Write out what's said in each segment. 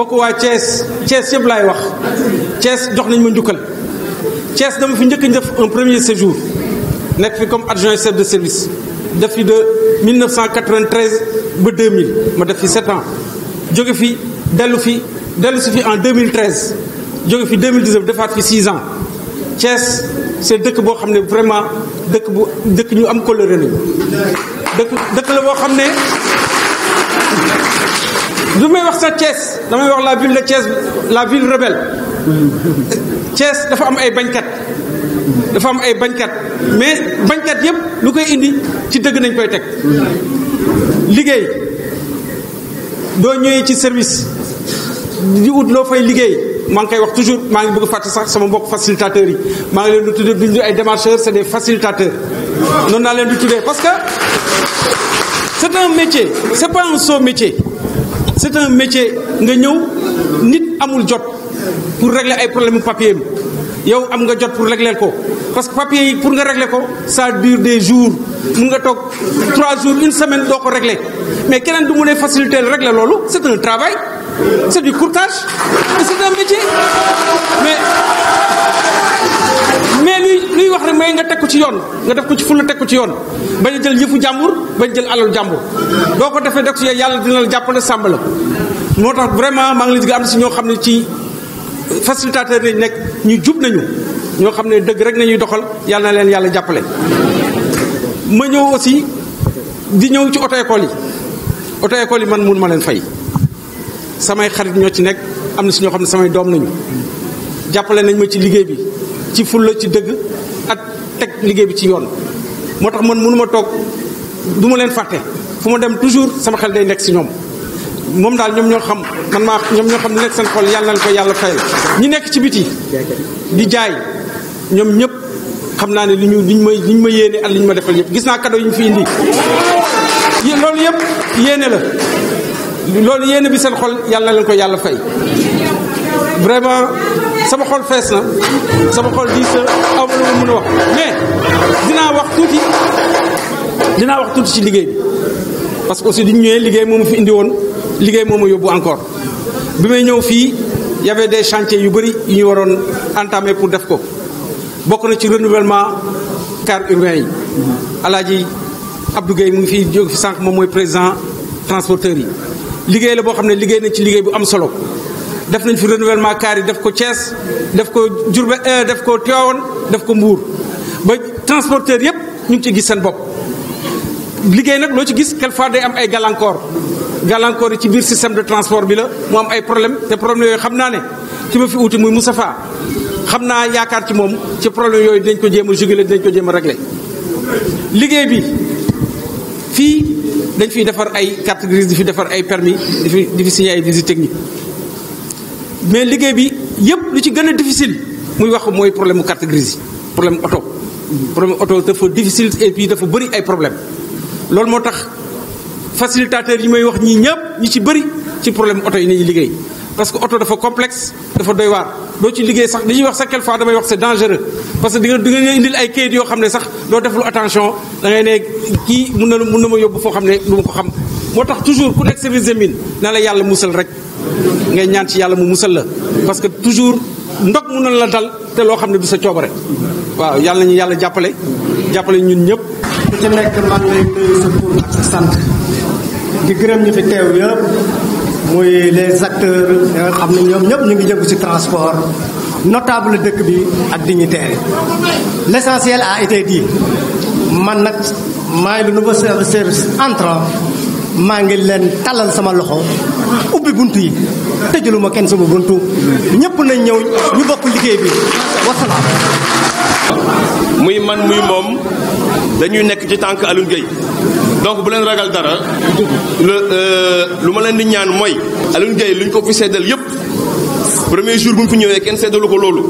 mbokk waa Thiès Thiès yëpp laay wax Thiès jox nañ ma njukkal Thiès dama fi njëkk def un premier séjour nekk fi comme adjoint chef de service def fi de 1993 ba 2000 ma def fi 7 ans jóge fi dellu fi dellu si fi en 2013 jóge fi 2019 defaat fi 6 ans Thiès dëkk boo xam ne vraiment dëkk bu dëkk ñu am coloré lañu dëkk la boo xam ne. du may wax sax Thiès damay wax la ville de Thiès la ville rebelle Thiès dafa am ay bañkat dafa am ay bañkat mais bañkat yépp lu koy indi ci dëgg nañ koy teg liggéey doo ñëwee ci service di ut loo fay liggéey maa ngi koy wax toujours maa ngi bëgg fàtte sax sama mbokk facilitateurs yi maa ngi leen di tuddee ay démarcheurs c'est des facilitateurs noonu naa leen di tuddee parce que c'est un métier c'est pas un c'est un métier nga ñëw nit amul jot pour régler ay problème papier yow am nga jot pour régler ko parce que papier pour nga régler ko ça dure des jours mun nga toog trois jours une semaine doo ko régler mais keneen du mu lay faciliter régler loolu c'est un travail c'est du courtage c'est un mais mais lui luy wax rek may nga teg ko ci yoon nga def ko ci fulla teg ko ci yoon bañ a jël yëfu jàmbur bañ jël alalu jàmbur boo ko defee def si yàlla dina la jàppale sàmba la moo tax vraiment maa ngi leen di am na si ñoo xam ne ci facilitateur lañ nekk ñu jub nañu ñoo xam ne dëgg rek nañuy doxal yàlla na leen yàlla jàppale ma ñëw di ñëw ci auto yi auto école yi man mun ma leen fay samay xarit ñoo ci nekk am na si ñoo xam ne samay doom nañu jàppale nañ ma ci liggéey bi ci fulla ci dëgg teg liggéey bi ci yoon moo tax man mënu ma toog du ma leen fàtte fu ma dem toujours sama xel day nekk si ñoom moom daal ñoom ñoo xam man maa ñoom ñoo xam ne nekk seen xol yàlla na ko yàlla fayal ñi nekk ci biti di jaay ñoom ñëpp xam naa ne li ñu li ñu ma yéene ak li ñu ma defal yëpp gis naa cadeau yi ñu fi indi yéene la loolu yéene bi seen xol yàlla na leen ko yàlla fay vraiment sama xol fees na sama xol diis na aw ma lu a wax mais dinaa wax tuuti dinaa wax tuuti ci liggéey bi parce que aussi duñ ñëwee liggéey moomu fi indi woon liggéey moom moomu yóbbu encore bi may ñëw fii y avait des chantiers yu bëri yu ñu waroon entamé pour def ko bokk na ci renouvellement car urbain yi alaaji Abdou Gueye mu ngi fii jóg fi sànq moom mooy président transporteur yi liggéey la boo xam ne liggéey na ci liggéey bu am solo def nañ fi renouvellement car yi def ko Thiès def ko Diourbel euh, def ko Tivaouane def ko mbuur ba transporteur yëpp ñu ngi ci gis seen bopp liggéey nag loo ci gis quelquefois day am ay gàllankoor gàllankoor yi ci biir système de transport bi la mu am ay problème te problème yooyu xam naa ne ki ma fi uti muy Moustapha xam naa yaakaar ci moom ci problème yooyu dañ ko jéem a juguler dinañ ko jéem a régler liggéey bi fii dañ fiy defar ay carte grise di fi defar ay permis di fi di fi ay visite technique mais liggéey bi yëpp lu ci gën a difficile muy wax mooy problème mu carte grise problème oto. problème oto dafa difficile et puis dafa bëri ay problème loolu moo tax facilitateur yi may wax ñii ñëpp ñu ci bëri ci problème oto yi nañu liggéey parce que oto dafa complexe dafa doy waar doo ci liggéey sax li ñuy wax sax quelque fois damay wax c'est dangereux parce que di nga di nga indil ay kayit yoo xam ne sax doo def lu attention da ne kii mun na mun na ma yóbbu foo xam ne lu ma ko xam moo tax toujours ku nekk service de yàlla musal rek ngay ñaan ci yàlla mu musal la parce que toujours ndog mu na la dal te loo xam ne du sa coobare waaw yàlla na ñu yàlla jàppale jàppale ñun ñëpp ku ci nekk man lay nuyu sa tur sant di gërëm ñu fi teew les acteurs ya nga xam ne ñëpp ñu ngi jëgu ci transport notable dëkk bi ak dignitaires yi l'essentiel a été man nag maay le nouveau service entrant maa ngi leen tàllal sama loxo ubbi bunt yi tëjaluma kenn sama bunt ñëpp nañ ñëw ñu bokk liggéey bi wasalaam. muy man muy moom dañuy nekk ci tànk Alioune donc bu leen ragal dara euh, lu ma leen di ñaan mooy Alioune Gueye lu ñu ko fi seddal yépp premier jour bu mu fi ñëwee kenn seddalu ko loolu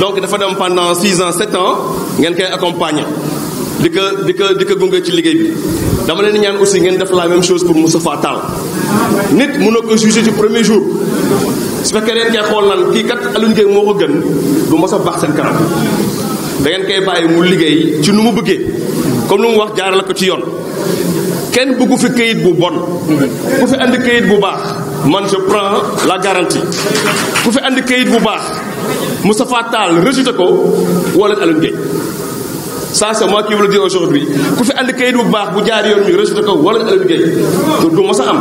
donc dafa dem pendant six ans sept ans ngeen koy accompagner di ko di ko di ko gunge ci liggéey bi dama leen ñaan aussi ngeen def la même chose pour Moustapha Tall nit mun na ko jugé ci premier jour su fekkee leen koy xool naan kii kat Alioune Gueye moo ko gën du mos a baax seen kanam da ngeen koy bàyyi mu liggéey ci nu mu bëggee comme lu mu wax jaarale ko ci yoon kenn bëggu fi këyit bu bon ku fi andi këyit bu baax man je prends la garantie ku fi andi këyit bu baax Moustapha taal rejeté ko wala Alioune Gueye ça c'est moi qui vous le dis aujourd'hui ku fi andi kayit bu baax bu jaar yoon ñu rejeté ko wala nga ëllëg liggéey du mos a am.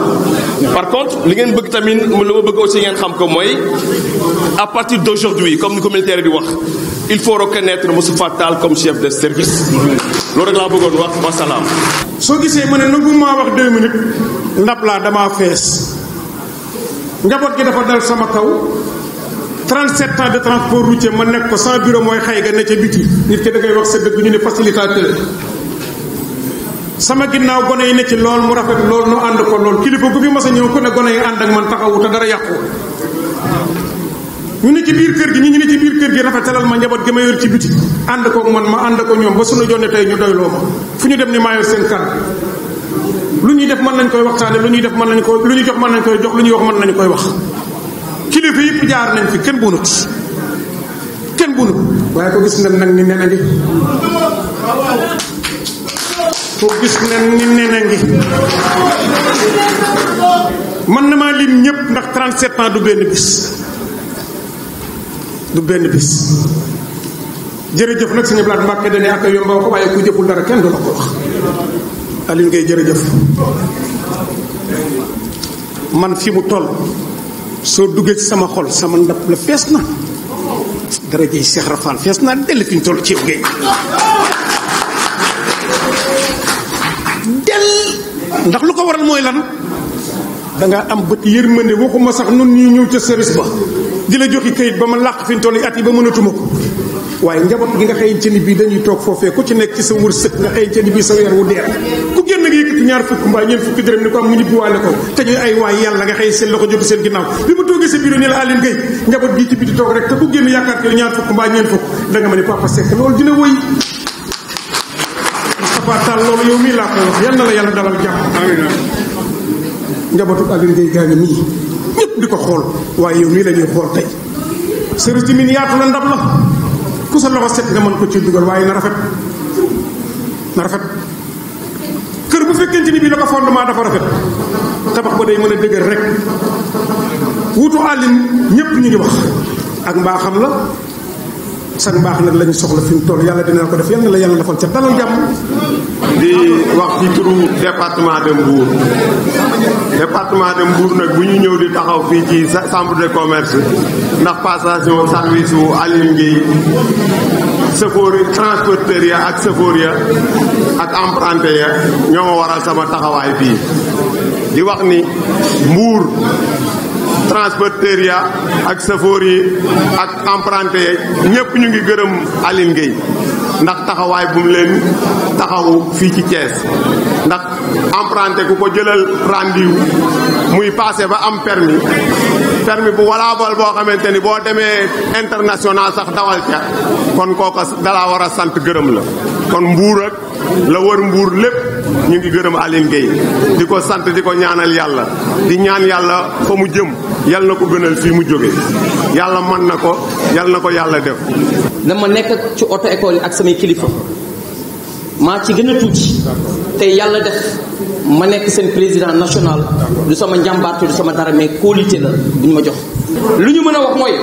par contre li ngeen bëgg tamit mu la ma bëgg aussi ngeen xam ko mooy à partir d'aujourd'hui comme ni ko militaire di wax il faut reconnaître Moustapha Tall comme chef de service. loolu rek bëggoon wax wa soo gisee ma ne nangu maa wax deux minutes ndab laa damaa fees njaboot gi dafa dal sama kaw. 37 ans de transport routier ma nekk ko sans bureau mooy xay ga ne ca biti nit sama ginnaaw gone yi ne ci lool mu rafet lool nu ànd ko lool kilifa a ñëw ku ne gone yi ànd ak man taxawu te dara ñu ne ci biir kër gi ñi ñu ne ci biir kër gi rafetalal ma njaboot gi ma yor ci biti ànd koog man ma ànd ko ñoom ba suñu jonne tey ñu doyloo ma fu ñu dem ni maa yor seen kar lu ñuy def mën nañ koy waxtaane lu ñuy def mën nañ koy lu ñuy jox mën nañ koy jox lu ñuy wax mën nañ koy wax kilifa yëpp jaar nañ fi kenn bunut kenn bunut waaye ko gis nen nag ni nen a ngi ko gis nen ni nen a ngi mën na maa lim ñëpp ndax 37 ans du benn bis du benn bis jërëjëf nag suñu blaat Mbàkke dane ak yomba ko waaye ku jëful dara kenn du ko wax Aliou ngay jërëjëf man fi mu toll soo duggee ci sama xol sama ndab la fees na dara jëy Seex Rafaal fees naa dell fi ñu toll ci yow géej ndax lu ko waral mooy lan danga am bët yërmande waxuma sax nun ñuy ñëw ca service ba di la joxi kayit ba ma làq fi ñu yi at yi ba mënatuma ko waaye njaboot gi nga xëy ci ni bii dañuy toog foofee ko ci nekk ci sa wërsëg nga xëy ci ni bii sa weer wu deer ñaar fukk mbaa ñeent fukki dërëm ni ko am mu ñibbiwaale ko te ñuy ay waay yàlla nga xëy seen loxo jotu seen ginnaaw bi mu toogee sa bureau ni la Aline Gueye njaboot gi ci biti toog rek te ku génn yaakaar te ñaar fukk mbaa la yàlla dalal jàmm njabootu Aline Gueye gaa ngi nii ñëpp di ko xool waaye yow mii la ñuy xool tey service di min yaatu la ndab la ku sa loxo set nga mën ko ci dugal waaye na rafet na rafet kër fekkee fekkente ni bii dafa fondement dafa rafet tabax ba day mën a dëgër rek wutu àllin ñépp ñu ngi wax ak mbaaxam la sax mbaax nag la soxla fi mu toll yàlla dina ko def yàlla la yàlla defal ca dalal jàmm. di wax ci turu département de Mbour département de Mbour nag bu ñu ñëw di taxaw fii ci chambre de commerce ndax passation service wu Aliou Ngueye sëfoor yi transporteur ya ak sëfoor ya ak emprunté ya ñoo ma waral sama taxawaay bii di wax ni mbuur transporteur ya ak sëfoor yi ak emprunté ya ñëpp ñu ngi gërëm Aline Gueye ndax taxawaay bu leen taxawu fii ci Thiès ndax emprunté ku ko jëlal rendez muy passé ba am permis permis bu walaabal boo xamante ni boo demee international sax dawal ca kon kooka dalaa war a sant gërëm la kon mbuur ak la wër mbuur lépp ñu ngi gërëm Aline Gueye di ko sant di ko ñaanal yàlla di ñaan yàlla fa mu jëm yàlla na ko gënal fii mu jóge yàlla man na ko yàlla na ko yàlla def dama nekk ci auto école yi ak samay kilifa maa ci gën a tuuti te yàlla def ma nekk seen président national du sama njàmbaarte du sama dara mais qualité la bu ñu ma jox lu ñu mën a wax mooy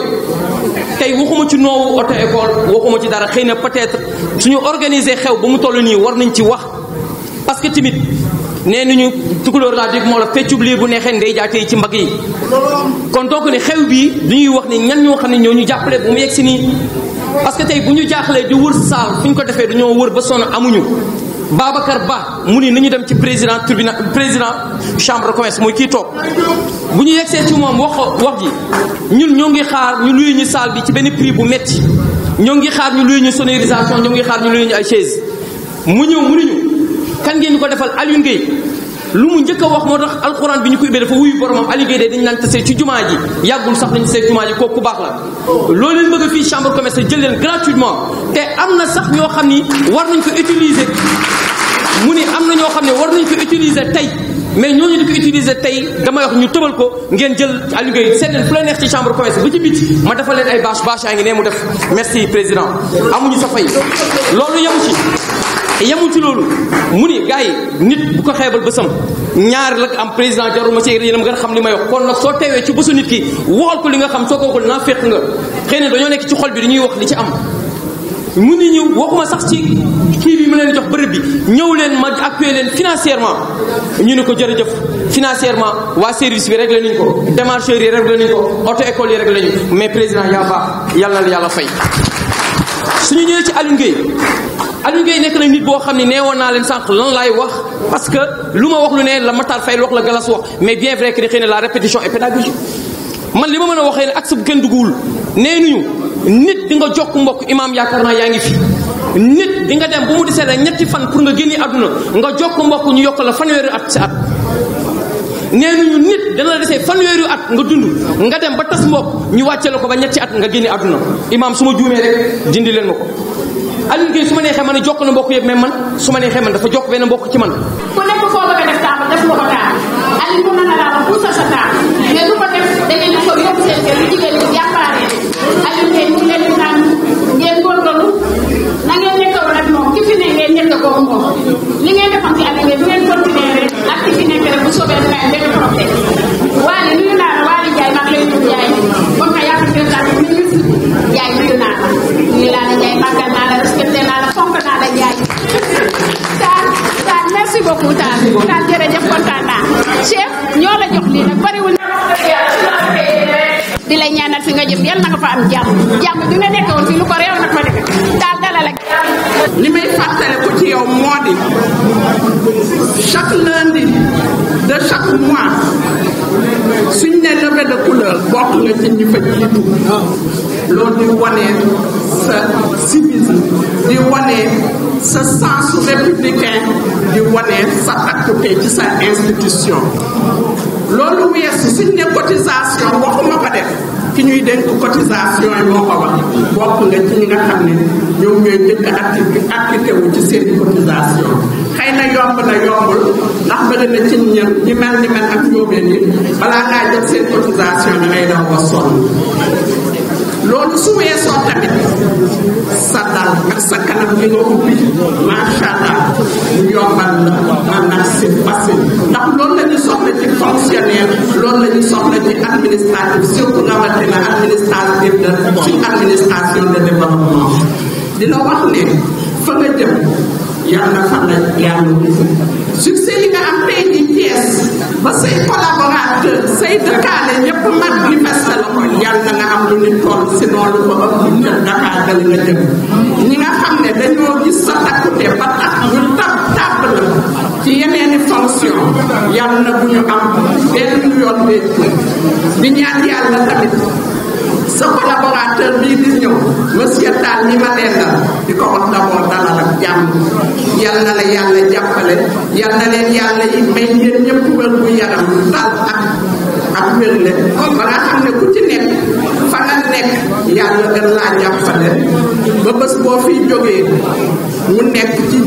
tey waxuma ci noowu auto école waxuma ci dara xëy na peut-être suñu organiser xew ba mu toll nii war nañ ci wax parce que timit ñu nañu tukulóor laa dégg moo la feccub liir bu neexee ndey jaatee ci mbag yi kon donc ne xew bii du ñuy wax ne ñan ñoo xam ne ñoo ñu jàppale bu mu yegg si nii parce que tey bu ñu jaaxlee di wër saal fu ñu ko defee dañoo wër ba sonn amuñu Babacar Ba mu ni nañu dem ci président tribunal président chambre de commerce mooy kii toog bu ñu yegsee ci moom wax wax ji ñun ñoo ngi xaar ñu luy ñu saal bi ci benn prix bu metti ñoo ngi xaar ñu luy ñu sonorisation ñoo ngi xaar ñu luy ñu ay chaise mu ñëw mu ni ñu kan ngeen ko defal Aliou lu mu njëkk wax moo tax alxuraan bi ñu koy ubbee dafa wuyu boromam aligéey dee dañu naan tase ci jumaa ji yàggul sax nañu tase jumaa ji kooku baax la loolu leen a ñoo xam ni war nañ ko utiliser mu ni am na ñoo xam ne war nañ ko utiliser tey mais ñooñu di ko utiliser tey damay wax ñu tëbal ko ngeen jël aligéey seet leen fu la neex ci chambre commerce ba ci biti ma dafa leen ay bâche bâche ci te yemul ci loolu mu ni gars nit bu ko xeebal bësam ñaar la am président jarul ma na yéenam nga xam li may wax kon nag soo teewee ci bësu nit ki waxal ko li nga xam soo ko waxul naa fekk nga xëy na dañoo nekk ci xol bi dañuy wax li ci am mu ni ñëw waxuma sax ci kii bi mu leen jox bërëb bi ñëw leen ma appuyer leen financièrement ñu ne ko jërëjëf financièrement waa service bi réglé nañ ko démarcheurs yi réglé nañ ko auto école yi réglé nañ mais président yaa baax yàlla na yàlla fay Aliou Gueye nekk na nit boo xam ne nee woon naa leen sànq lan laay wax parce que lu ma wax lu ne la Matar Faye wax la Galas wax mais bien vrai que xëy na la répétition est pédagogique man li ma mën a waxee ne ak sa bu kenn dugguwul nee nañu nit di nga jokk mbokk imaam yaakaar naa yaa ngi fi. nit di nga dem ba mu desee la ñetti fan pour nga génne àdduna nga jokk mbokk ñu yokk la fanweeri at si at. nee nañu nit dana la desee fanweeri at nga dund nga dem ba tas mbokk ñu wàccee la ko ba ñetti at nga génne àdduna imaam su ma juumee rek dindi leen ma ko. Alioune Gueye su ma neexee man a jokk na mbokk yëpp mais man su ma neexee man dafa jokk benn mbokk ci man. ku nekk foo bëgg a def taamu ko taam Alioune mën na la laa wax sa taam mais lu ko def da ngeen di ko yóbbu seen kër jigéen ñi yàppaaree Alioune Gueye mu ngi leen li may fàttaliku ci yow moo di chaque lundi de chaque mois suñ ne levée de couleur bokk nga ci ñu fa jiitu loolu di wane sa civisme di wane sa sensu républicain di wane sa takkute ci sa institution loolu weesu suñ ne cotisation waxuma ko def ki ñuy denc cotisation yi moo ko bokk nga ci ñi nga xam ni ñoom ñooy njëkk a appliqué wu ci seen cotisation xëy na yomb na yombul ndax bëri na ci ñi ñi mel ni mel ak ñoomeen yi balaa ngaa jot seen cotisation da ngay daw sonn loolu su weesoo tamit sa dal ak sa kanam li nga ubbi macha allah ñu yombal la maanaam c'est facile ndax loolu la soxla ci fonctionnaire loolu la soxla ci administratif surtout rawatina administratif de ci administration de développement dina wax ne fa nga jëm yàlla na fa la succès li nga am tey di Thiès ba say xol tey dëkkaale ñëpp manifesté la ko yàlla nga am lu ni toll sinon lu ko ëpp ñëpp Dakar dal nga jëm ñi nga xam ne dañoo gis sa takkute ba tax ñu tab tàbb la ci yeneeni fonction yàlla na bu ñu am benn yoon wéetu di ñaan yàlla tamit sa collaborateur bii di ñëw monsieur Tall ñi ma leendal di ko wax d'abord dalal ak jàmm yal na la yàlla jàppale yal na leen yàlla yi may yéen ñëpp wér gu yaram tal ak wér le ba nga xam ne ku ci nekk fa nga nekk yàlla gën laa jàppale ba bés boo fi jógee mu nekk ci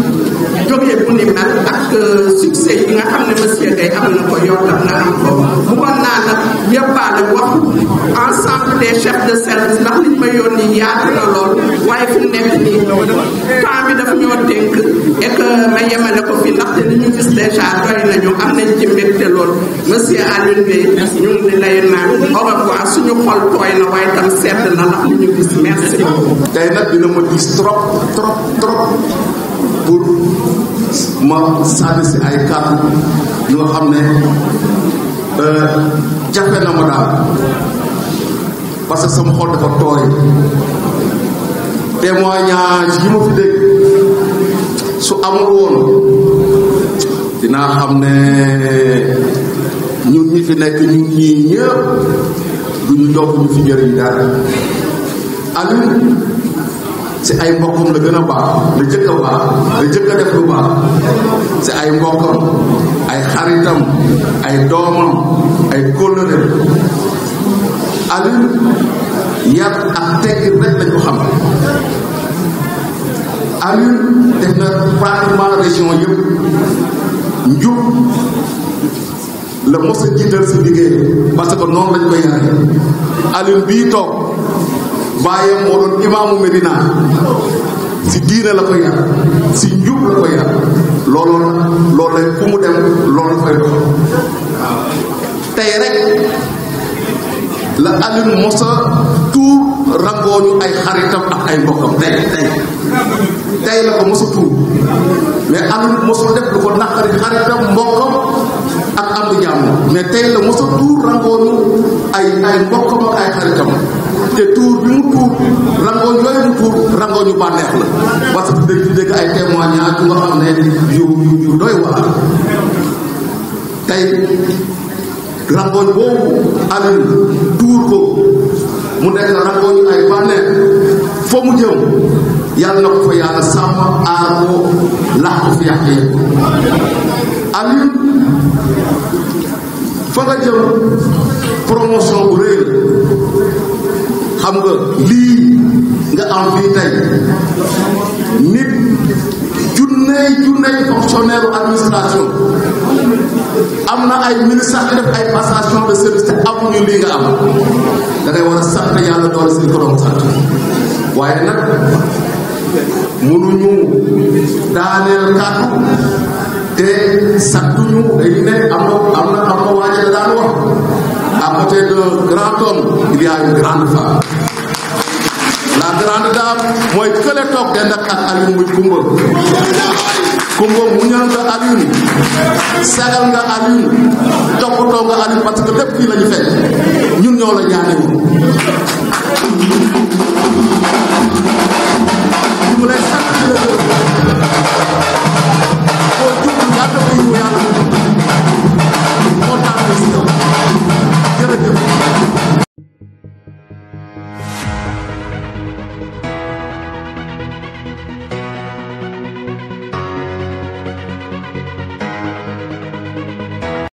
jógee bu ni mel ak euh, succès yi nga xam ne monsieur Guèye am na ko yow tam nga am ko bu ko naa nag yëppaale waxu ensemble des chefs de service ndax liñ ma yónni yaatu na lool waaye fu nekk nii temps dafa ñoo dénk et ma yemale ko fi ndaxte li ñu gis déjà lool monsieur tooy na waaye tam na ndax li ñu ma gis si ay kàddu yoo xam ne euh, jafe na ma daal. parce que sama xol dafa tooy témoignage yi ma fi dégg su amul woon dinaa xam ne ñun ñi fi nekk ñun ñii ñëpp duñu jokk ñu fi jëriñ dara Aliou ci ay mbokkam la gën a baax la jëkk a baax la jëkk def lu baax ci ay mbokkam ay xaritam ay doomam ay kóllëre Aliou yar ak teggin rek lañ ko xam Aliou def na région yëpp njub la mos a si liggéey parce que noonu lañ koy yare Aliou bii toog bàyyam moo doon imaamu Medina si diine la ko yar si njub la ko yar looloo la loolu lay fu mu dem loolu la tey rek la Alioune Moussa tuur rangooñu ay xaritam ak ay mbokkam tey tey tey la ko Moussa tuur mais Alioune Moussa def lu ko naqari xaritam mbokkam ak am jàmm mais tey la Moussa tuur rangooñu ay ay mbokkam ak ay xaritam te tuur bi mu tuur rangooñ yooyu mu tuur rangooñu bànneex la parce que dégg dégg ay témoignage yu nga xam ne yu yu doy waar tey rangooñ boobu alin tuur ko mu nekk rangooñu ay bànneex foo mu jëm yàlla na ko fa yàlla sàmm aar ko laax ko fi yàq yëpp alin nga jëm promotion bu rëy xam nga lii nga am fii tey nit junney junney fonctionnaire administration am na ay ministres di def ay passation de service te amuñu lii nga am da war a sant yàlla si ko doon sant waaye nag mënuñu daaneel kàddu te santuñu dañu ne am na am na am na waaye daan wax à côté de grand homme il y a une grande femme. la grande dame mooy kële toog ak Aliou Mbodj Kumba muñal nga Alioune sagal nga Alioune toppatoo nga Alioune parce que lépp fii la ñu fekk ñun ñoo la ñaanal.